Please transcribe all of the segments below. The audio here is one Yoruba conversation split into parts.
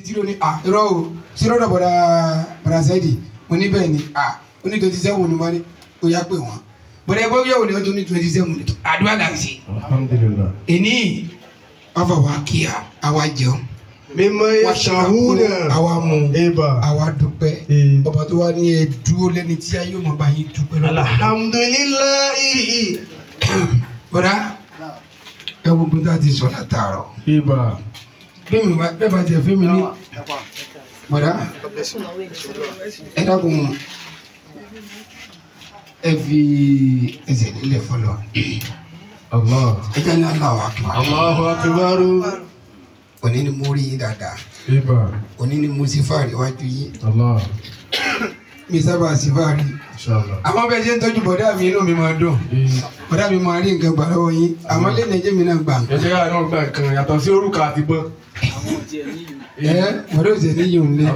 títí ló ní irọ́ o sí bọ̀dà bọ̀dà mo ní bẹ́ẹ̀ ni à ó ní twenty seven ni wọ́n ní ó pé wọ́n bọ̀dà ẹgbẹ́ yẹ̀wò ni wọ́n ní twenty seven ni àdúrà là ṣe. alhamdulilayi. ọfọ wa kíá àwa jẹun. mímọ ìṣàhúnà àwa mú àwa dúpẹ́ ọba tó wà ní ẹ dúró lẹ́ni tí a yóò mọ̀ bá yín dúpẹ́ lọ́la. alhamdulilayi. bọ̀dà ẹ wo gbọ́dọ̀ àti sọ̀rọ̀ àtàrọ̀ fíìmù bẹ́ẹ̀ bá jẹ fíìmù ní mọ̀dá ẹ dákun ẹ fi ẹsẹ̀ nílẹ̀ fọlọ́ ẹ jẹ́ ní aláwọ̀ òní ni mo rí yín dáadáa òní ni mo sì fà ríwájú yín mi sábà sí fáàrí àmọ́ bẹ́ẹ̀ ṣe ń tọ́jú bọ̀dá mi inú mi máa dùn bọ̀dá mi máa rí nǹkan gbà lọ́wọ́ yín àmọ́ lẹ́nu ẹ̀jẹ̀ mi náà gbà. ẹ̀jẹ̀ yára náà gbà kan yàtọ̀ sí orúkọ àti bọ́n. ẹ bọ̀dọ̀ òsè ní yòó nílé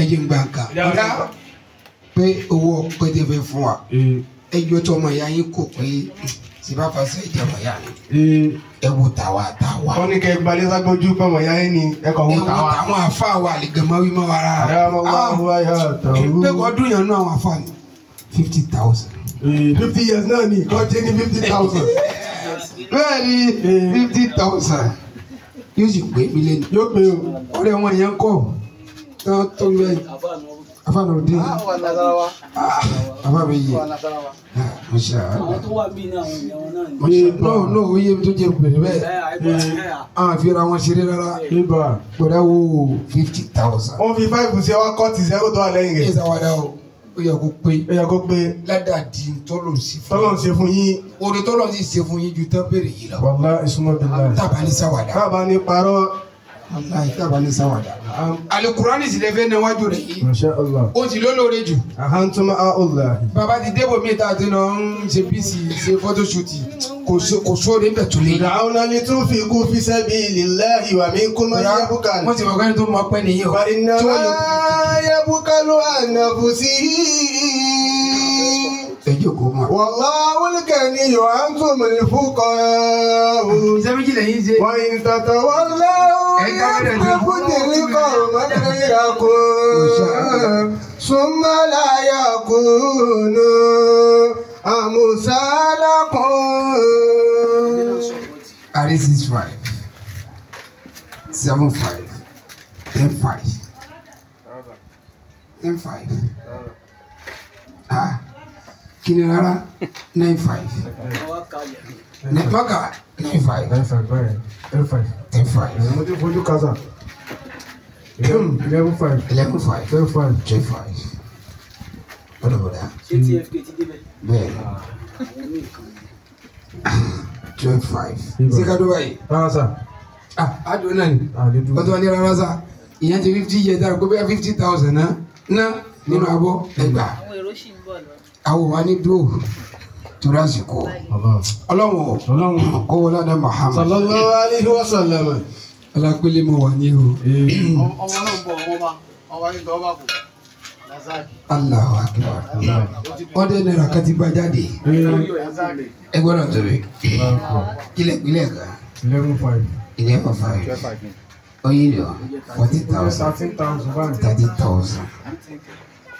ẹ̀jẹ̀ ń gbà kan bọ̀dá pé owó ọpẹ́ tẹ fẹ́ fún wa ẹjọ́ tó ọmọ ìyá yín kò pé tí bá fasọ ìjọba hmm. ẹ wo tàwa tàwa. wọ́n ní kẹ́ ẹ gbalẹ̀ sagojú pọ̀mọ̀ yá yín ni ẹ kọ̀ wọ́n tàwa. ẹ wo tàwọn afa wa àlìgàmọ́ wí ara. àyàmọ́ wa wá ah, yà tàwọn. pé kò dún yàn nú àwọn afa ni fifty thousand. Hmm. fifty years náà ni kò jẹ́ ní fifty thousand. bẹ́ẹ̀ ni hmm. fifty thousand yóò sì pé mi lẹ́nu. yóò pé o. ọ̀rẹ́ wọn yẹn kọ̀ tó tó bẹ́ẹ̀. afa nà ó dé. afa mi yé àwọn tó wà bíi náà àwọn náà ni. ee báwo n'o o ye tó jẹ gbèrè bẹ́ẹ̀ an fira wọn wo fifty thousand. wọn fi five ṣe wa kọ́ ti zero tó wà lẹ́yìn rẹ̀. ẹ ṣàwádà o ó yẹ kó pé. ó yẹ kó pé. ládàdì tọ́lọ̀ sí fún yín. tọ́lọ̀ sí fún yín. orí tọ́lọ̀ sí ṣe fún yín ju tán bèrè yìí lọ. wàlá ìsúnmọ́ bí náà. tàbá ní ṣàwádà. tàbá ní parọ́ alayi tí a bá ní sáwàdà. Um, alukurani sì lè fẹ́ níwájú rẹ̀ yìí. masha allah. o ti lólóore jù. ahantuma aola. baba ti débò mi ta ti náà ń ṣe bíìsì ṣe fọ́tóṣùtì kò sóore bẹ̀ tó lé. ìdáhùn alẹ́ tó fi kú fi sẹ́bi ìlélẹ́ ìwà mi kó máa yẹ bùkà. wọ́n ti mọ̀ pé ní tó mọ pẹ́ nìyí o. bàrìnà máa yẹ bùkà ló ànàfùsí. والله الغني وأنتم الفقراء وإن تتولوا يستبدل قوما غيركم ثم لا يكون أمثالكم Ari six five, seven five, ten five, ten five. Ah. Kinirara nine five. Maka nine five. Nine five báyìí ten five. Ten five. Ẹ̀rọ mo ti fojú kásá. Hmm. five. Eleven five. Ten five. Ten five. Bọ́dọ̀ bọ́dọ̀. five. Ṣé ká dó báyìí? Ah, àdó náà ni. Bọ́dọ̀ ah, wà ní Ìyẹn ti fifty years, dára kó bẹ́ẹ̀ fifty thousand náà ná nínú abọ́ ẹgbàá. Àwọn èrò ṣì ń bọ̀ lọ àwọn wa ní dúró torí àsìkò ọlọ́run kó wọlé adá Muhammad sallallahu alaihi wa sallam alápèlé mo wà ní o. ọmọ náà ń bọ̀ ọmọ bá ọmọ yìí ń bọ̀ ọmọ kù. Allahu akbar wọ́n dé náírà kan ti gba jáde ẹ gbọ́dọ̀ tóbi kílẹ̀ kílẹ̀ kan eleven five oyin lọ forty thousand thirty thousand.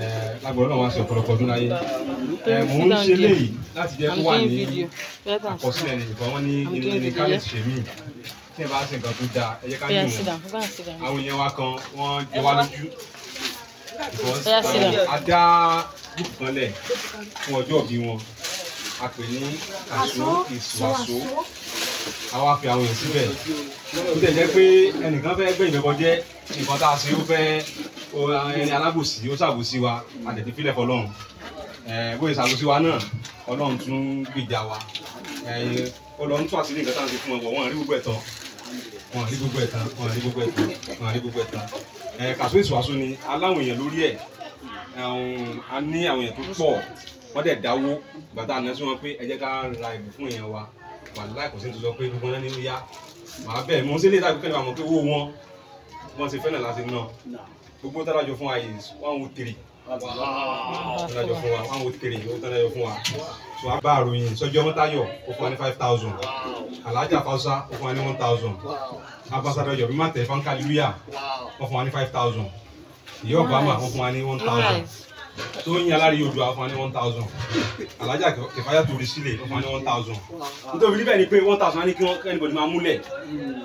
Eh, lágbọ̀n náà wá sí ọ̀pọ̀lọpọ̀ ọdún láyé eh, eh, mò ń ṣe léyìí láti jẹ́ kó wà ní àkọsílẹ̀ nìkan wọ́n ní ilé ní káyọ̀tì ṣèmí tí ẹ bá ṣe nǹkan tó dáa ẹ jẹ́ ká yín wọn àwọn èèyàn wa kan wọ́n jẹ wá lójú um, a dá gúúpù kan lẹ̀ fún ọjọ́ òbí wọn a pè ní àṣọ ìṣùwàṣọ àwa fi àwọn èèyàn síbẹ̀ ó tẹ̀ jẹ́ pé ẹnìkan fẹ́ gbẹ̀yìn a ṣe ẹni eh, alábòsí ó ṣàbòsí wa àtẹ̀tí fílẹ̀ fọlọ́run eh, bóyá ìṣàbòsí wa náà ọlọ́run tún gbèjà wa eh, ọlọ́run tún àtìlẹ́yìn kẹta ti fún ọ wọ́n rí gbogbo ẹ̀ tán wọ́n rí gbogbo ẹ̀ tán wọ́n rí gbogbo ẹ̀ tán wọ́n rí gbogbo ẹ̀ tán kàṣó ìṣòwàṣó ni aláwọn èèyàn lórí ẹ̀ a ní àwọn èèyàn tó pọ̀ wọ́n dẹ̀ dáwó bàtà àná sí wọn pé ẹ jẹ́ ká ra ìbò fún èèyàn wa wà láì kò sí tó sọ pé gbogbo náà ní ó yá màá bẹ́ẹ̀ mo ń sílé ìdájọ́ kẹ́lẹ́ àwọn pé owó wọn wọ́n ti fẹ́ràn láti ná gbogbo tó dájọ fún wa yìí one oh three tó dájọ fún wa one oh three tó dájọ fún wa tó a bá àròyìn sọjọ́ mọ́tayọ̀ ó fún wa ní five thousand alájà fausa ó fún wa ní one thousand abasadọ yọ̀bí má tẹ̀ fún kálíwíà ó fún wa ní five thousand ìyá ọ̀bàmà ó fún wa ní one thousand tó ń yan alárí ojú àwọn ní one thousand alájà kẹfàyà tó rí sílẹ̀ wọ́n ní one thousand nítorí níbẹ̀ ni pé one thousand ní kí wọ́n kẹ́ni bọ̀dì máa múlẹ̀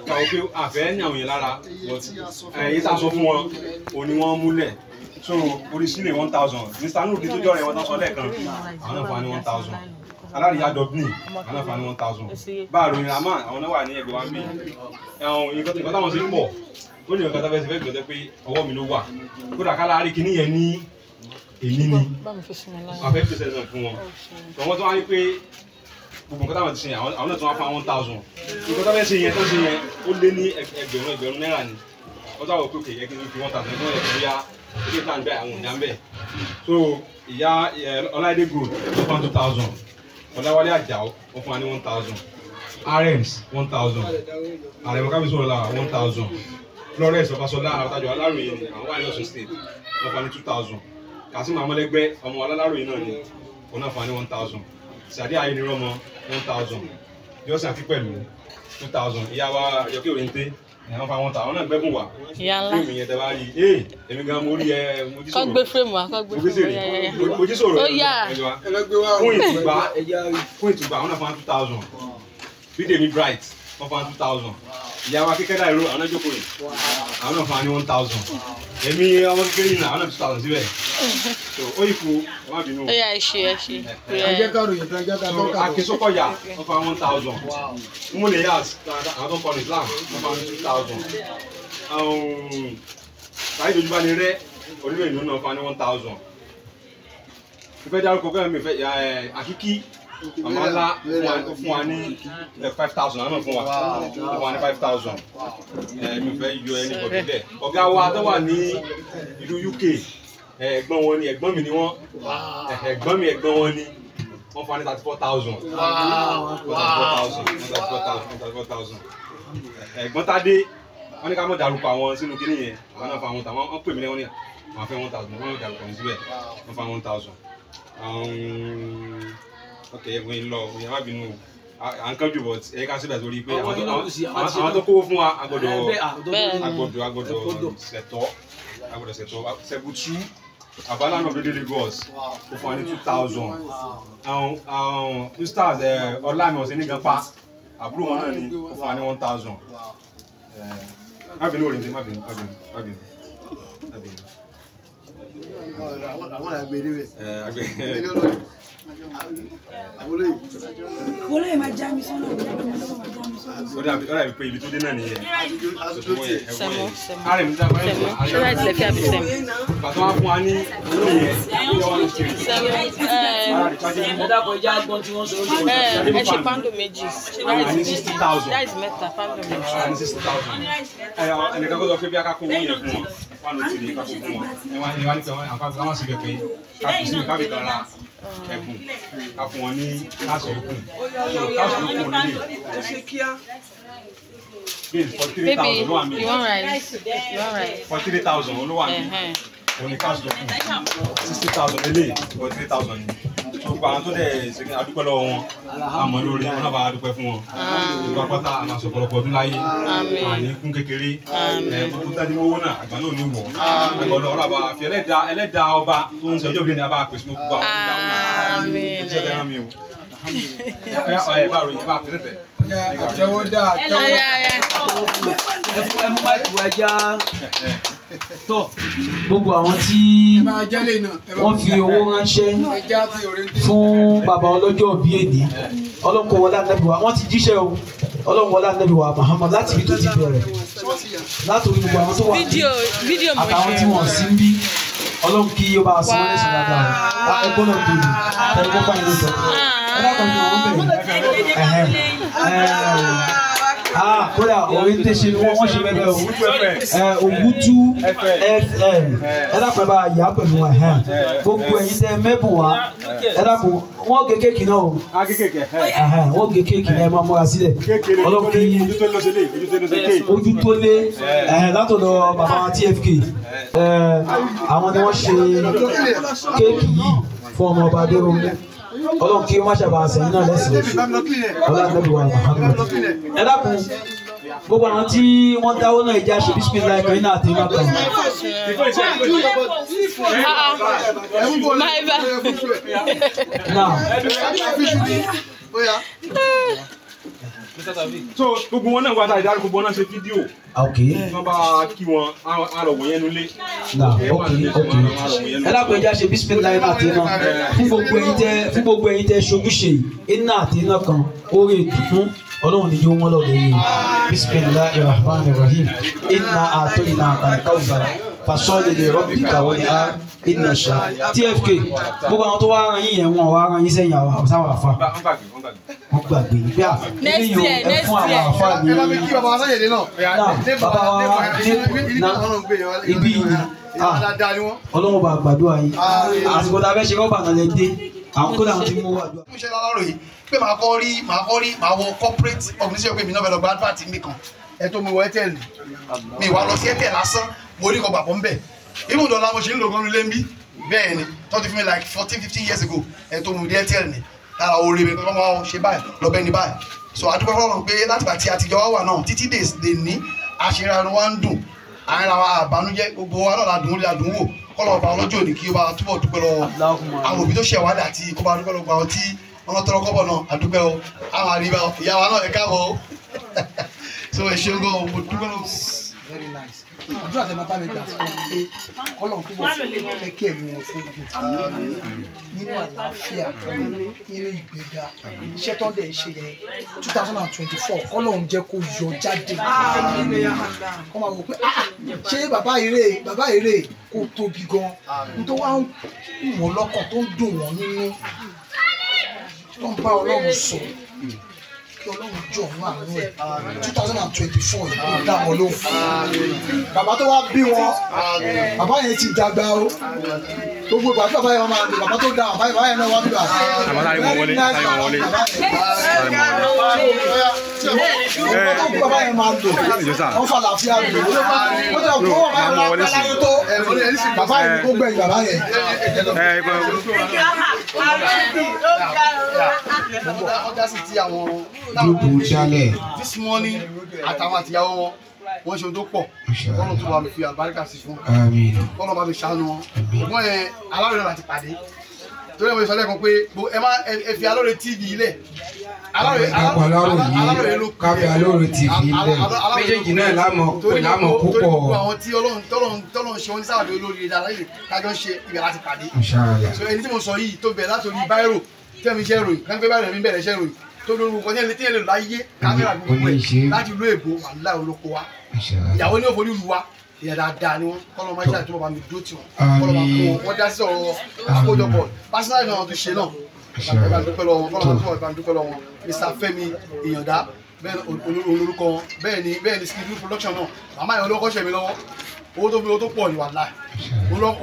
káwọn pé àfẹ́ ní àwọn yẹn lára eh, èyí tá a sọ fún wọn ò ní wọ́n múlẹ̀ so orí sílẹ̀ one thousand mr nudi tó jọ rẹ̀ wọ́n tán sọ lẹ́ẹ̀kan àwọn náà fún wa ní one thousand alárí yàjọ bíi àwọn náà fún wa ní one thousand báà lóyún àmà àwọn náà wà ní ẹgbẹ́ wa bíi ẹ̀hún ìkọ́tàwọn ti pọ̀ ó ní ọ̀gá tá a fẹ́ sẹ́fẹ́ gbọ́dọ̀ pé ọwọ́ mi ló wà kódà kálá àríkì níyẹn ní èyí ni àfẹ́ fèsì ẹ̀sán fún wọn tọ́wọ́n tó wá ní pé gbogbo nǹkan táwọn ti ṣe yẹn àwọn náà tó wá fún àwọn thousand nǹkan táwọn ṣe yẹn tó ṣe yẹn ó lé ní ẹgbẹ̀rún ẹgbẹ̀rún náírà ni wọ́n táwọn òkè yẹ kí n fi wọ́n ta fún ẹgbẹ̀rún ẹgbẹ̀rún yá ilé plan bẹ́ẹ̀ àwọn òǹdà ń bẹ̀ so ìyá ọláìdé gold one thousand two thousand ọ̀làwálé àjàó wọ́n fún wa ní one thousand rms one thousand àrẹ̀mọ kábíyèsọ̀rọ̀ la one thousand florence ọbaṣọlá àtàjọ aláròye àwọn wà ní ọ̀sùn state wọ́n fún wa ní two thousand kasim amọlẹgbẹ ọmọ alálàròyìn náà ni òun náà fani one thousand sàdé ayélujára one thousand jọ́sìn àti pẹ̀lú two thousand ìyá wa yọkí òrìǹté àwọn fa wọn ta àwọn náà wa fíìmù yẹn tẹ bá rí i eh, ee èmi gan mo rí ẹ mo jí sòrò kọ́gbé fíìmù wa kọ́gbé fíìmù wa mo jí sòrò fún ìtùgbà fún ìtùgbà àwọn náà fa two thousand bídèmí bright wọ́n fa two thousand ìyàwó akẹ́kẹ́dá ìró àwọn ẹjọ́ kòrè àwọn náà fún wa ní one thousand èmi ọmọ kékeré yìí náà àwọn náà two thousand síbẹ̀ so ó yìí fún wa bínú. ó yà ẹ ṣe ẹ ṣe. ẹjẹ ká ròyìn tó ẹjẹ ká tó ká. akínsókò yà wọn fún wa one thousand mo lè yà àwọn tó kọrin Islam wọn fún wa two thousand. sàyẹ̀dì ojúbá ni rẹ onílé ìlú náà fún wa one thousand. ìfẹ́ dárúkọ kẹ́hìn mi fẹ́ àkíkí. I'm ńlá ó One wa five thousand I'm not wa ó fún five thousand mi fẹ́ yọ ẹni bọ̀ bíbẹ̀ ọ̀gá wa tó wà ní ìlú UK ẹ̀gbọ́n wọn ni ẹ̀gbọ́n mi ni wọ́n ẹ̀gbọ́n mi ẹ̀gbọ́n wọn ni wọ́n fún thirty four thousand thirty four thousand thirty four thousand ẹ̀gbọ́n Tádé wọ́n ní ká mọ̀ dárúkọ àwọn sínú kínní yẹn àwọn náà fa àwọn tàwọn wọ́n pè mí lẹ́wọ́n ní àwọn fẹ́ one thousand wọ́n ní dárúkọ ní síbẹ̀ wọ́n fa one thousand. Um, ok ẹ̀wọ̀n ń lọ ìyá má bínú à ń kánjú bọ̀ ẹ ká síbẹ̀ torí pé àwọn tó kówó fún wa agbọ́dọ̀ agbọ́dọ̀ agbọ́dọ̀ ṣẹ̀tọ́ agbọ́dọ̀ ṣẹ̀tọ́ ṣẹ̀bùtú abala náà dédé Lagos ó fún wa ní two thousand instaz eh, ọlámi ọ̀sẹ̀ ní ganpa àbúrò wọn náà ní ó fún wa ní one thousand eh, má bínú òrìǹdè má bínú má bínú má bínú má bínú. àwọn àgbèrè rẹ̀ àwọn olóyè máa já mi sọ́nà ó dàbí ó dàbí pé ibi tó dé náà nìyẹn sẹmọ sẹmọ ṣọlá ìtìlẹ fi àbí sẹmọ. bàtà wà fún wa ní olóyè sẹmọ um, ẹ um, ẹ ṣe pando méjì that is mẹ́ta pando méjì. ẹnìkan kó sọ pé bí a ká kó owó yẹn fún wọn wọn lọ sí ní ká kó fún wọn ẹ wá ní sọ wọn àpá ká ẹ̀bùn ká fún wọn ní káṣọ òkun káṣọ òkun ní bíi forty three thousand ló wà mí forty three thousand ló wà mí òní káṣọ òkun sixty thousand eléyìí forty three thousand ni gbogbo àwọn tó dẹ̀ ṣèkìn adúpẹ́ lọ́wọ́ wọn àmọ́ lórí wọn náà bá adúpẹ́ fún wọn gbogbo apáta àmàṣọ ọ̀pọ̀lọpọ̀ ọdún láyé àní kún kékeré gbogbo tàbí owó náà àgbà náà ló wọ̀ ọ̀gbọ̀dọ̀ ọ̀rọ̀ àbá fi ẹlẹ́dàá ẹlẹ́dàá ọba tó ń sọ ọjọ́ ẹmú ẹmú máìkù ẹja tọ gbogbo àwọn tí wọ́n fi owó ránṣẹ́ fún bàbá ọlọ́jọ́ òbí èdè ọlọ́kọ̀ wọlé àtẹ́bùwà wọ́n ti jíṣẹ́ o ọlọ́run wọlé àtẹ́bùwà Muhammad láti ibi tó ti bẹ̀rẹ̀ láti orí gbogbo àwọn tó wà níbí àtàwọn tí wọ́n sí níbí ọlọ́run kí yóò bá a wọlé sọ̀rọ̀ àgbà rẹ̀ ẹgbọ́n náà tóbi ẹgbẹ́ fáyín ló sọ ẹgbẹ́ fáyín ló sọ Ah, kódà orin tẹ ṣe wọ́n wọ́n ṣe bẹ́ẹ̀ o Òwútú FM eh, ẹ dàpọ̀ bá yà pẹ̀lú wa gbogbo ẹ̀yin tẹ mẹ́bù wa ẹ dàpọ̀ wọ́n gé kéèkì náà o wọ́n gé kéèkì náà ẹ máa múra sílẹ̀ ọlọ́kì ojú tó lé látọ̀dọ̀ bàbá TFK eh, àwọn ni wọ́n ṣe kéèkì yìí fún ọmọ ọba ọlọ́run kí ó má ṣàbà àṣẹ iná lẹ́sìn ọlọ́run ẹ dákun gbogbo àwọn tí wọ́n dáwọ́ náà ìjà ṣe bisimilayi kan iná àti iná kan. Now so gbogbo wọn náà wà láti dárúkọ gbogbo náà ṣe fídíò wọn bá kí wọn àròwọ yẹn nulẹ. ẹ lápò ẹja ṣe bísí pínlẹ iná àti iná fún gbogbo ẹ̀yin tẹ fún gbogbo ẹ̀yin tẹ ṣojúṣe iná àti iná kan oore ìdùnnú ọlọ́run ni yóò wọ́n lọ́dọ̀ yìí bísí pínlẹ iná rahman rahim iná àtọ́ iná àkàlẹ́ káwùbára fasọ́ọ̀lẹ̀lẹ̀ rọ́bì kàwé ah, ha ìdí ẹ̀ṣá tfk gbogbo àwọn tó wá ara yín yẹn wọn wá ara yín sẹ́yìn àwọn sáwọn àfa wọn gbàgbé pé à ah, nínú ẹ fún àwọn àfa ní bàbá wa ibi yìí ah, ọlọ́run bá gbàdúrà yín àsìkò tá a fẹ́ ṣe rọ́bà náà lẹ́ dé àwọn kódà wọn ti mú wá. mo ṣe lálọ́rọ̀ yìí pé màá kọ́ rí màá kọ́ rí màá wọ corporate organization pé mi náà bẹ̀rẹ̀ lọ gba advert mi kan ẹ̀ tó mi wọ airtel mi wà lọ sí airtel lásán mo rí kọgbà pọ̀ ń bẹ̀ even dọ̀la mo ṣe ń lò gan lulẹ̀ ń bí bẹ́ẹ̀ ni tọ́jú fún like fourteen fifteen years ago ẹ̀ tó mu dltl ni lára oore mi kọ́ máa ṣe báyìí lọ́bẹ̀ ni báyìí so adúpẹ́ fọlọ́run pé látìgbà tí a ti jọ wá wà náà títí dè ní àṣeyọrọ wa ń dùn àárín àwọn àbánújẹ́ gbogbo wa náà ládùn rí ládùn wò kọ́lọ̀ ọba ọlọ́jọ́ òní kí ó bá túbọ̀ dúpẹ́ lọ́wọ́ àwọn òbí tó ṣẹ̀ wádà àti kó dúpẹ́ lọ́wọ́ àwọn tí kọ́bọ̀ náà àdúpẹ́ o àwọn àríwá ìyá wa náà ẹ̀ káàbọ̀ o so ẹ̀ ṣe ń gbọ́ o mo dúpẹ́ lọ́wọ́ ojú àti bàbá mi gbà fún un pé ọlọ́run púpọ̀ fún mi fẹ́ kí ẹ̀mí wọn fún mi nínú àlàáfíà nínú ìgbéga iṣẹ́ tó ń dẹ̀ ṣe yẹn two thousand and twenty four kọ́lọ́run jẹ́ kó yọ jáde kọ́ máa wò pé ah, ṣé bàbá eré bàbá eré kò tóbi gan nítorí wọ́n ń wọ́n lọ́kàn tó ń dùn wọ́n nínú tó ń bá ọlọ́run sọ̀rọ̀ kí two thousand and twenty four yìí kò dá bàbá tó wá bí wọn bàbá yẹn ti dàgbà o gbogbo ìgbà bàbá yẹn máa lò bàbá tó dá bàbá yẹn náà wá bí wà. bàbá tá a yọ wọlé wọlé tá a yọ wọlé. wọlé bàbá yẹn kó gbẹ̀yìn bàbá gúrúùpù jálẹ̀. this morning àtàwọn àtìyàwó wọn wọ́n ṣe ohun tó pọ̀ kọ́nà tó bá mi fi àbáríkà sí fún kọ́nà bá mi ṣàánú wọn ṣùgbọ́n ẹ aláwòrán láti pàdé torí ẹ̀ mo sọ lẹ́kọ̀ọ́ pé ẹ má ẹ fi Alore TV ilẹ̀ aláwòrán ló kọ́ káfí Alore TV ilẹ̀ méjèèjì náà lámọ̀ lámọ̀ púpọ̀ torí gbogbo àwọn tí Ọlọ́run ṣe wọn ní sábàbí olórí dára yìí tájọ́ ṣe ibẹ̀ láti pàdé so ẹni tí mo sọ yìí tó bẹ̀ látòrí báírò tẹ́mi ṣẹ́ ròyìn kánfẹ́ báírò mi bẹ̀rẹ̀ ṣẹ́ ròyìn tó lóru nǹkan tẹ́lẹ̀ tẹ́lẹ̀ láyé kámẹ́rà gbogbo ẹ̀ láti ló èbó wàhálà olóko wa ìyàwó ní òfòlù lu wa ìyà dáadáa ni wọn kọlọ máa ṣe àtúbọ̀ bá mi dúró tiwọn kọlọ máa kó wọn dá sí ọ̀rọ̀ àkójọpọ̀ pásítọ̀ náà ti ṣe náà bàbá dúpẹ́ lọ́wọ́ kọlọ máa túbọ̀ bá dúpẹ́ lọ́wọ́ Mr Fẹ́mi ìyànda bẹ́ẹ̀ olórúkọ wọn bẹ́ẹ̀ ni bẹ́ẹ̀ ni skidu production náà màmá yẹn olókọ́ ṣẹ̀mí lọ́wọ́ owó tó fi owó tó pọ̀ ní wàhálà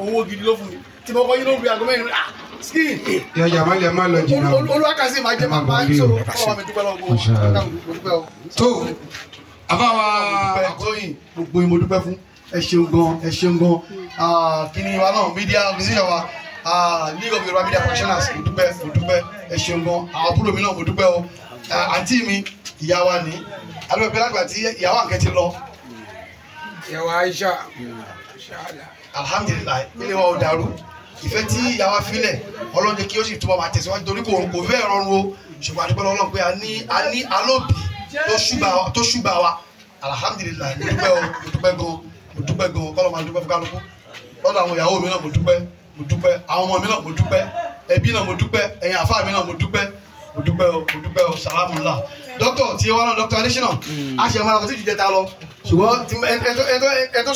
owó gidi ló fún mi tí mo kọ́ yín ló fi àgọ́ mẹ́rin ah skin. yọjà má lẹ má lọ jìnnà. olúwa kan sì máa jẹ máa máa ń sọ ọmọ mi dúpẹ́ lọ́wọ́ gbogbo. tó àbáwá àkóyìn gbogbo yín mo dúpẹ́ fún ẹ ṣeun gan ẹ ṣeun gan kí wa náà media organization wa league of yorùbá media professionals mo dúpẹ́ mo dúpẹ́ ẹ ṣeun gan àwọn búrò mi náà mo dúpẹ́ o àǹtí mi ìyá wa ni alóòpẹ lágbà tí ìyàwó àǹkẹ́ ti lọ. ìyàwó Aisha alhamdulilayi ilé wa ò dàrú ìfẹ́ tí ìyàwó afilẹ̀ ọlọ́run jẹ́ kí ó sì túbọ̀ máa tẹ̀síwájú torí kò kò fẹ́ rọrùn o ṣùgbọ́n àdúgbò ọlọ́run pé a ní a ní alóbì tó ṣùgbà wa alhamdulilayi mo dúpẹ́ o mo dúpẹ́ gan mo dúpẹ́ gan kọ́lọ́ máa dúpẹ́ fún kálukú lọ́dọ̀ àwọn ìyàwó mi náà mo dúpẹ́ mo dúpẹ́ àwọn ọmọ mi náà mo dúpẹ́ ẹbí náà mo dúpẹ́ ẹ̀yin àfáà mi náà mo dúpẹ́ mo dúpẹ́ o mo dúpẹ́ o salamu dókítà tí wọn náà dókítà adésínà a ṣe àwọn akọ̀tí ìjẹta lọ ṣùgbọ́n ẹ̀tọ́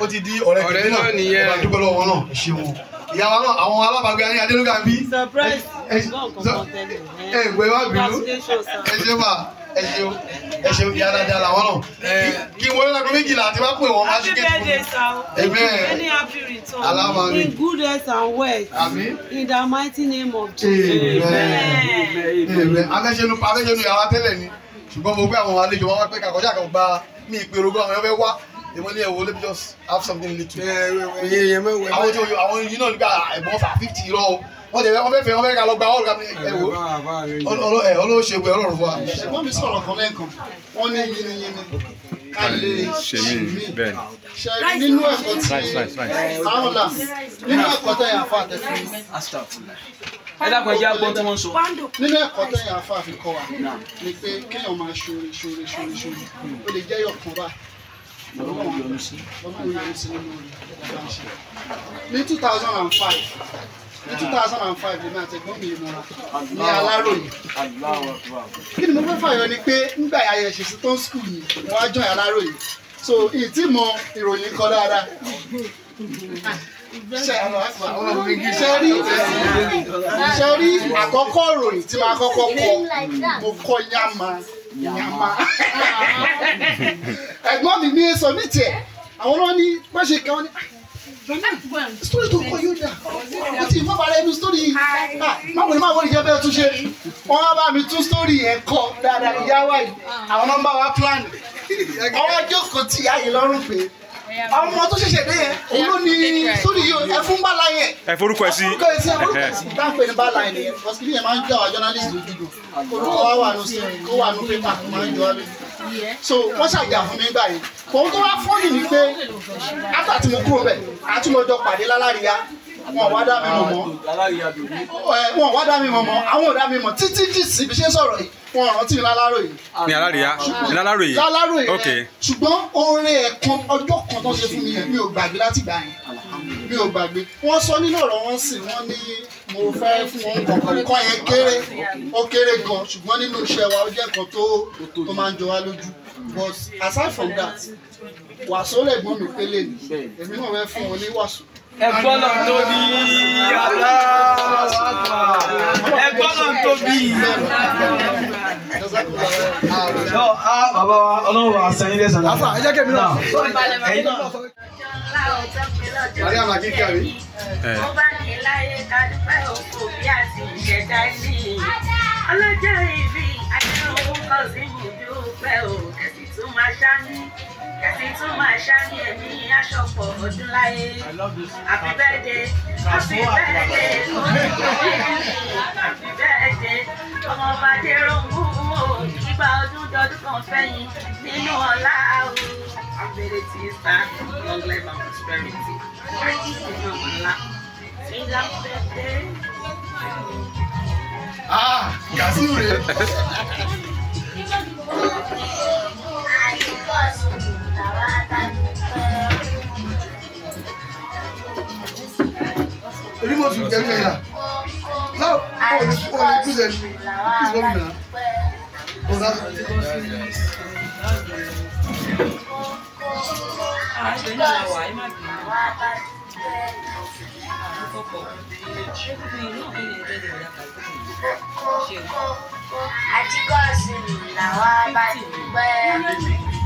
ó ti di ọ̀rẹ́ kìnìún náà ọba dúpẹ́ lọ́wọ́ náà ẹ ṣeun ìyá wa náà àwọn alábàágbé ayé adélúgà bí. ẹ ẹ gbé wá bínú ẹ ṣe wà ẹ ṣeun ẹ ṣeun ìyá dáadáa làwọn náà kí wọ́n lọ́kọ́ méjìlá àti bá pè wọ́n máṣíkẹ́ tó kù. amen alamami in good health and wealth in the mighty name of Jesus. amen amen abẹ́ṣẹ́nu abẹ́ṣẹ́nu tẹ́lẹ̀ ni ṣùgbọ́n mo gbé àwọn àlejò wọn wá pé kàkọ́jà kan gba ní ìpè orogún àwọn ẹ̀fẹ́ wá the money ẹ wo let me just have something little. àwọn tí àwọn yìí náà nígbà ẹ̀bùn fà fifty irọ́ o wọ́n tẹ̀lé wọ́n fẹ́ fẹ́ wọ́n fẹ́ ká lọ gba ọ̀rọ̀ ẹ wo ọlọ́run ṣe gbé ọlọ́run fún wa. ṣùgbọ́n mi sọ̀rọ̀ kan lẹ́ẹ̀kan wọ́n ní yiniyini ká lè ṣe mí nínú ẹ̀kọ́ tí àwọn là nínú ẹ̀kọ́ tẹ̀ yà fún àtẹ̀sí. ẹ dákun ẹ jẹ́ agbọ́n tí wọ́n sọ. nínú ẹ̀kọ́ tẹ̀ yà fún àfikọ́ wa ni pé kéèyàn máa ṣoore ṣoore ṣoore ṣoore ó lè jẹ́ yọ̀kan báyìí ọlọ́run yọ́nú sí ọlọ́run yọ́nú sí nínú ìdáhùnṣe. ní two thousand and five ní two thousand and five lèmi àtẹ̀gbọ́n mi mọ́ra ní aláròyìn. kí ni mo fẹ́ fàyọ ni pé nígbà ayẹyẹ ṣe tó ń skul yìí wọ́n á jọ aláròyìn so ìtì mọ ìròyìn kọ dáadáa ṣe rí àkọ́kọ́ ìròyìn tí máa kọ́kọ́ kọ mo kọ́ yá máa nyama ẹ̀gbọ́n mi ní sọ ní tiẹ̀ àwọn náà ní má ṣe kàn ní story tó kọ yóò dà ó ti fọ́ balẹ̀ inú story yìí ah, má wòlé má wòlé jẹ́ bẹ́ẹ̀ tún ṣe wọ́n bá mi tún story yẹn kọ dáadáa ìyá wa yìí àwọn náà ń bá wa plan ah. ọwọ́ jókòó tì àyè lọ́rùn pé àwọn ọmọ tó ṣẹ̀ṣẹ̀ dé yẹn òun ló ní sórí yìí ẹ fún bàlá yẹn. ẹ forúkọ ẹ sí ẹ forúkọ ẹ sí ẹ forúkọ ẹ sí dáńpẹ́ ní bàlá yẹn nìyẹn pọ̀sí yẹn máa ń jẹ́ àwọn journalist lójúdò orúkọ wa wà lóṣù kó wà ní pépà tó máa ń jọ wálé so wọ́n ṣàjà fún mi gbà yìí òun tó wá fọ́ọ̀nì ni pé after kúrò bẹ̀ àtúmọ̀jọ pàdé lálàríyá wọn wá dá mi mọ̀ mọ́ wọn wá dá mi mọ̀ mọ́ àwọn ò dá mi mọ̀ títí jì sí bí ṣe sọ̀rọ̀ yìí wọn rántí Láláròyé. ní Aláròyé Láláròyé Láláròyé rẹ ṣùgbọ́n oore ẹ̀kan ọjọ́ kan tó ṣe fún mi mi ò gbàgbé láti gbà yẹn mi ò gbàgbé wọ́n sọ nínú ọ̀rọ̀ wọn sì wọ́n ní mo fẹ́ fún wọn kọ̀ọ̀kan kọ́ yẹn kéré ó kéré gan ṣùgbọ́n nínú iṣẹ́ wa ó jẹ́ nǹkan tó tó máa ń jọ wá lójú but aside from that wàásù lẹ́gbọ́n mi pélé ni èmi náà fẹ́ fún wọn ní wàásù ẹ̀gbọ́n náà tóbi ẹ̀gbọ́n náà tóbi. bàbá wa ọlọ́run wa sẹ́yìn lẹ́sàn náà. afa ẹ jẹ́ kẹ́mi náà. Màrí àmà kí kàwé. Mo bá ní láyé ká dúpẹ́ òkú bí àti ìṣẹ̀dá ní. Ọlọ́jọ́ ìbí àti òun kọ̀ sí ìdúpẹ́ òkè sì tún máa ṣá ní kẹ̀sìn tún máa ṣáájú ẹ̀mí aṣọ́pọ̀ ọdún láyé happy birthday happy birthday happy birthday ọmọọba Adéròǹgbù o ìgbà ọdún dọdún kan fẹ́yìn nínú ọlá o abẹ́rẹ́ tí ń sá long life and prosperity àti ìsinmi ọmọ ńlá birthday. ah Wasiu you. Remote you can hear that. Now, oh, oh, you do that. Please come now. Oh, that's. Àti kọ́ọ̀sì làwọn abá ti pẹ́.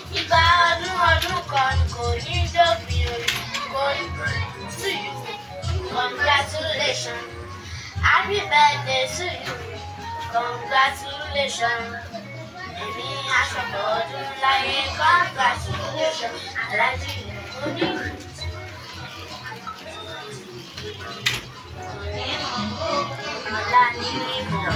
Ìgbà ọdún ọdún to you. Congratulations. Happy birthday to you. Congratulations. Èmi aṣọ̀pọ̀ ọdún láyé congratulations. Aláàjì òní. Òní ọ̀la ní ìmọ̀.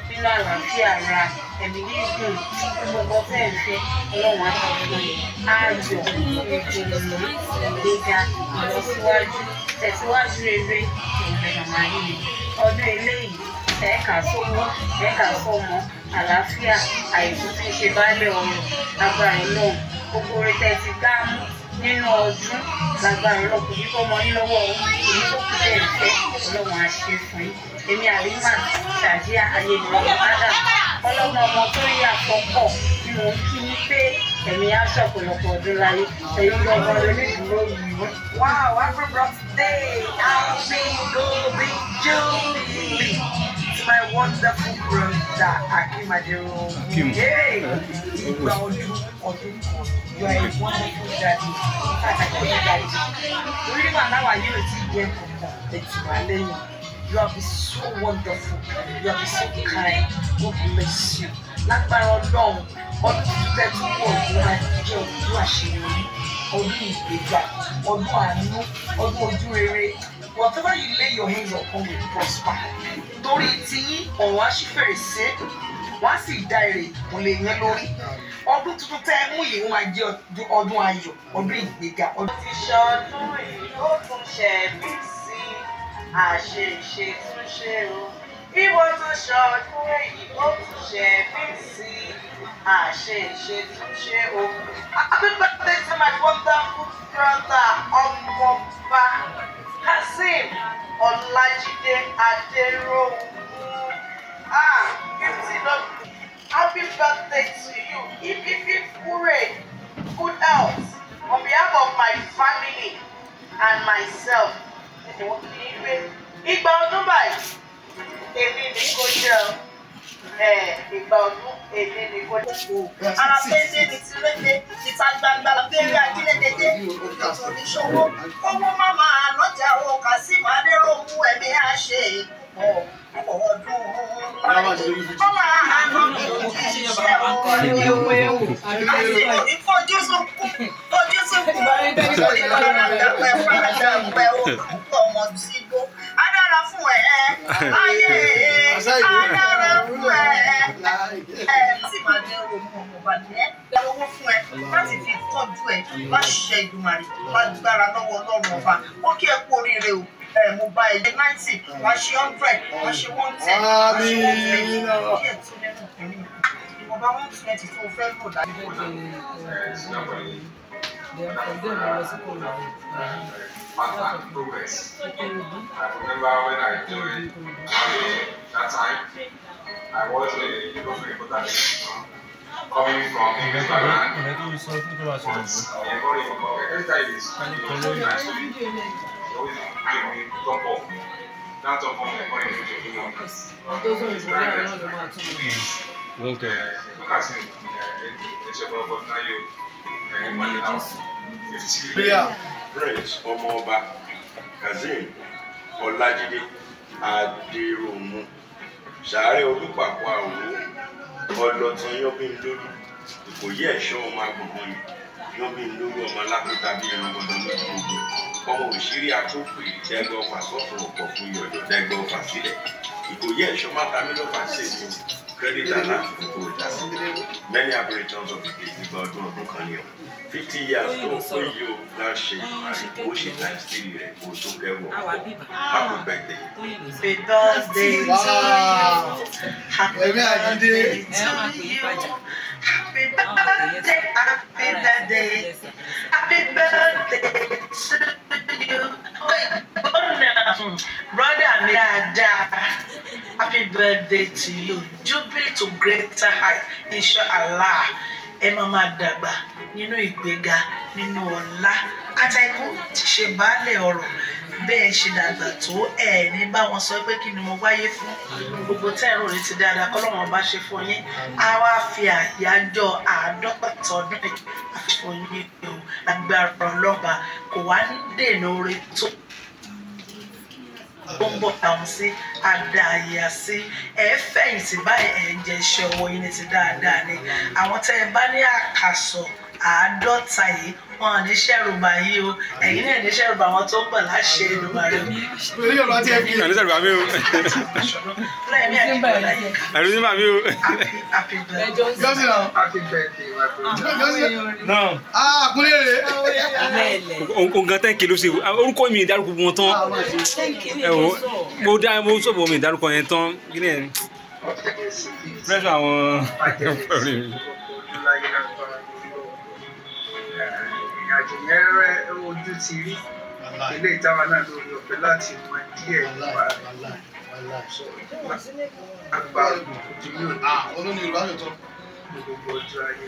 nínú àlàáfíà ara ẹ̀mí gígùn gbogbo fẹ́ǹfẹ́ ọlọ́run àtọ́kùn ayọ̀ ìdùnnú ìgbéga ìlọsíwájú tẹ̀síwájú rere ìgbẹ̀rùn ayé ọdún eléyìí ẹ̀ka sówó ẹ̀ka sọmọ àlàáfíà àìsùn tí ń ṣe báálẹ̀ ọ̀rọ̀ agbára náà gbogbo orí tẹ̀ ti gbáàmú nínú ọdún lágbára ọlọ́kùn yìí bọ́ mọ yín lọ́wọ́ èyí tó kù bẹ́ẹ̀ fẹ́ ọlọ́run àṣẹ fún yín èmi àríwá ṣàdí ayélujára padà ọlọ́run ọmọ tó yẹ àkọ́kọ́ ni mò ń kí yín pé ẹ̀mí á ṣọ̀pọ̀lọpọ̀ ọdún láyé ẹ̀yin lọ́mọ onídùúró yìí wow happy birthday happy go be jubilee my wonderful brother Akim Adero. Akim. Yay! Ìgbà ọdún ọdún You are a wonderful daddy. In fact, I call you daddy. Torí màá náwà yóò ti yẹ kankan ẹ̀jì wá lẹ́yìn. You have been so wonderful. You have been so kind. God bless you. Not all Lágbára Ọlọ́run, ọdún tuntun tẹ́ tún wọ̀ ọdún ajé ọdún àṣeyọrí, ọdún ìgbéga, ọdún àánú, ọdún ojú rere whatever you lay your hands upon will prosper torí tiyín ọ̀hún á ṣí fèrèsé wọ́n á sì dá èrè ìkúnlẹ̀ yẹn lórí ọdún tuntun tẹ́ ẹ mú yìí wọ́n á ọdún ayọ̀ ọdún ìgbéga. ó ti ṣọdún èyí ó tún ṣe mí sí àṣeṣe tún ṣe o ìwọ tún ṣọdún èyí ó tún ṣe mí sí àṣeṣe tún ṣe o. happy birthday to my wonderful brother ọmọọba. Kasim, Olajide adéròhùn ah fifty lọ́dún happy birthday to you If ibibi kure good health on behalf of my family and myself ìgbà ọdún báyìí èmi ni kò jẹ́ eh, ìgbà ọdún èmi nìkan lè ṣe ara péńté ní tiréńté ìta gbangba abẹ́rẹ́ akílédédé ètò ìṣòwò owó mama ànájà o Kazeem Adéròmú ẹ̀mí àṣẹ ìpọ̀ ọdún ọmọ àánú mi ò kì í ṣe òwe o láti òní fojú sunkún fojú sunkún òní lọ́la dàpẹ́ fún àdàpẹ́ o ọmọ tí gbó dára fún ẹ ayé adára fún ẹ ẹ sì máa ní ohun ọ̀bàjẹ́ owó fún ẹ láti fi tọ́jú ẹ má ṣiṣẹ́ ìdùmarè má gbára lọ́wọ́ ọlọ́run ọba ó kí ẹ kú oríire o mo bá ẹ jẹ ninety wàá ṣe hundred wàá ṣe one ten wàá ṣe one twenty díẹ̀ tó nínú ìpínlẹ̀ ìwọ̀nba one twenty tó fẹ́ lò dájú kò náà matter progress. I remember when I joined that time, I was a European botanist coming from English background. Every time he's doing my always give me top up. That top up I call him to do one. Please, look at him. It's about 49 years. 50 years prince ọmọọba kazeem ọlájídé adéròmù sàárẹ̀ olùpàpọ̀ àwò ọlọ́tàn yọ́bìnlólú ìkòyí ẹ̀ṣọ́ ọmọ agbọ̀ngàn yìí yọ́bìnlólú ọmọ alákòóta bíi ẹran gbọdọ̀ lójú ogun ọmọ òṣèré akópè ẹgbọ́fà sọ́fọ̀ ọ̀pọ̀ fún yọ̀dọ̀ ẹgbọ́fà sílẹ̀ ìkòyí ẹ̀ṣọ́ mátamílọ́fà ṣèṣe credit and life ìkòkò ìdásílẹ̀ many aberrations of the day ìgbà ọdún ọdún kan ni ọ̀hún fifty years tó pé yìí o láṣẹ ìmàlẹ ó ṣe times three rẹ kó tó kẹwọ happy birthday. happy birthday to you. àjídé. happy birthday happy birthday happy birthday to you. brother mi dáadáa happy birthday to you jubilee to greater height inshallah ẹ máa máa dàgbà nínú ìgbéga nínú ọlá kátàkù ti ṣe baálẹ̀ ọ̀rọ̀ bẹ́ẹ̀ ṣe dàgbà tó ẹ̀ ní bá wọn sọ pé kí ni mo wáyé fún gbogbo tẹ́ẹ̀rù rẹ ti dáadáa kọ́lọ́wọ́n bá ṣe fún yín á wá fi àyájọ́ àádọ́pẹ̀tọ̀ ọdún yìí àfihàn yín o agbára ọlọ́ba kò wá dènà oore tó gbọ́ngbọ́tàwọn sí àdáyà sí ẹ fẹ̀yìntì báyìí ẹ jẹ́ iṣẹ́ ọwọ́ ti dáadáa ni àwọn tẹ́ ẹ bá ní àkàsọ̀ àádọ́ta yìí wọn ní ṣẹ̀rùbà yìí o ẹ̀yin náà ní ṣẹ̀rùbà wọn tó ń bọ̀ láṣẹ Èdùmàrè. orí ọ̀rọ̀ ti ẹ fi hàn ní mi o. lẹ́yìn àkíkọ̀ láyé ká. ẹ̀rù ní bàmí o. happy jọ́sìn náà. happy birthday. jọ́sìn náà. aa kúnlẹ̀ rẹ̀. òǹkà ah, tẹ́ǹkì ló ṣe orúkọ mi ìdárúkọ wọn tán. Ah, mo dá mo sọ̀bọ̀ mi ìdárúkọ yẹn tán kí ẹ̀ pẹ́sọ̀ àwọn ọ̀rẹ́ mi ìrìn àjò yẹn rẹ ojú ti rí ilé ìtawà náà lórí ọ̀fẹ́ láti mọ díẹ̀ nípa rẹ̀ sọ àgbà òdì yóò ní. olórí yorùbá yóò tọ́. ní gbogbo ọjọ́ ayé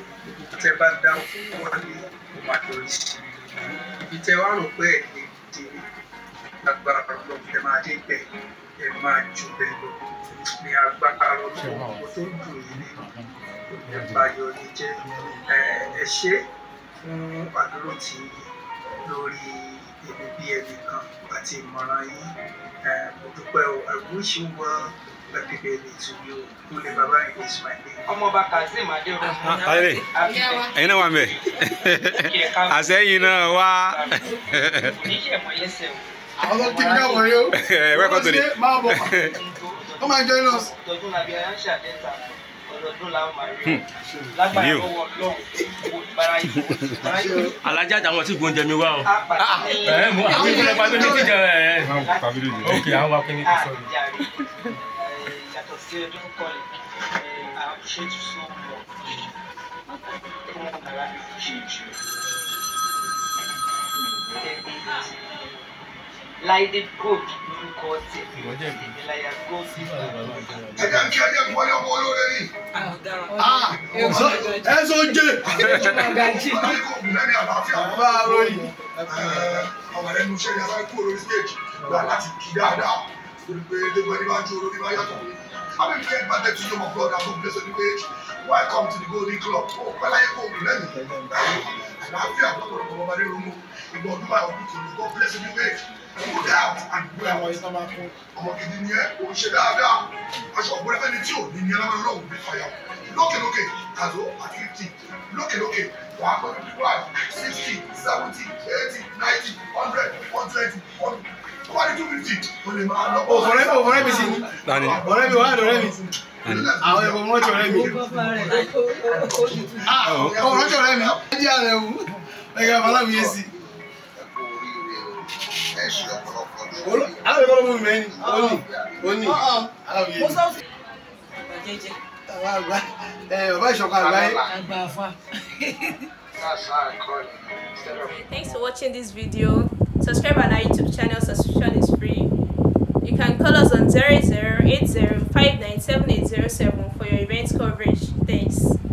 tẹ bá dá fún wa ní òmàdọ̀rí sí i ibi tẹ wá rò pé ẹ̀ lè dé agbára lọ ẹ máa dé bẹ̀ ẹ máa ju bẹ̀ lọ ní agbára lọ tó ń dùn yìí ní ẹ yọ ní jẹ ẹ ṣe fún àdúrótì lórí èmi bí ẹnìkan àti ìmọ̀ràn yín mo dúpẹ́ o I wish you well happy birthday to you kúlẹ̀ bàbá yìí is my name. ọmọọba kazeem adéròmù ẹ̀yin náà wà mẹ́ àsẹ́yìn náà wá. àwọn tó kí n ká wọ̀nyí o. wẹ́ẹ̀kọ́ tó ní. máa bọ̀ wọ́n máa jẹ́ inú. tọ́jú Hmm. alájà àtàwọn tí gbóúnjẹ mi wá o. Ah, ah, ẹ mú àwọn ìfúnná pàtó ní tíjà ẹ. ok àwọn wa pín ní kí sọ̀rọ̀. Ah, eh, yàtọ̀ sí láìdé gold lórúkọ tiẹ̀ ìdílẹ̀yà gold. ẹ jẹ́ kí ẹ jẹ́ kí wọ́n lé ọmọ olóore ni. ẹ sọ jẹ. lẹ́ni àlàáfíà bá rẹ nu sẹ́yìn aláì kú olórí stage gba láti kí dáadáa lórí pé lẹ́gbẹ̀ẹ́ ní bá jó olórí bá yàtọ̀ Abẹ́ mi kẹ́ ẹ̀ tẹ̀ tún yọmọ brọ́dà fún mi lẹ́sọ̀ ní pé welcome to the golden club ọ̀ pẹ́láyé kò wù lẹ́nu àlàáfíà lọ́pọ̀lọpọ̀ ọmọdé ronú ìgbọ̀n ọdún báyọ̀ ọdún tó lù God bless you, you àwọn yìí tó máa ọmọ gidi ni ẹ o ṣe dáadáa aṣọ ògbóná fẹni tí ò ní ní ẹlọmọ lọ́wọ́ bí fàyà lókèlókè kàdó àti lókèlókè wà á pẹ́ fifty sixty seventy eighty ninety hundred one twenty one ọ̀rẹ́ mi ọ̀rẹ́ mi sì ni ọ̀rẹ́ mi wà á lọ́rẹ́ mi àwọn ẹ̀bùn wọn jọ̀rẹ́ mi. Ah, ah, ọ̀rọ̀ jọ̀rẹ́ mi. ẹ àrẹ̀wò ẹ̀ka bàlá mi yé si. ẹ ṣe ọ̀pọ̀ aláwọ̀ kọ́ ló uh-uh. Thanks for watching this video. Subscribe on our YouTube channel, subscription is free. You can call us on 0080 for your event coverage. Thanks.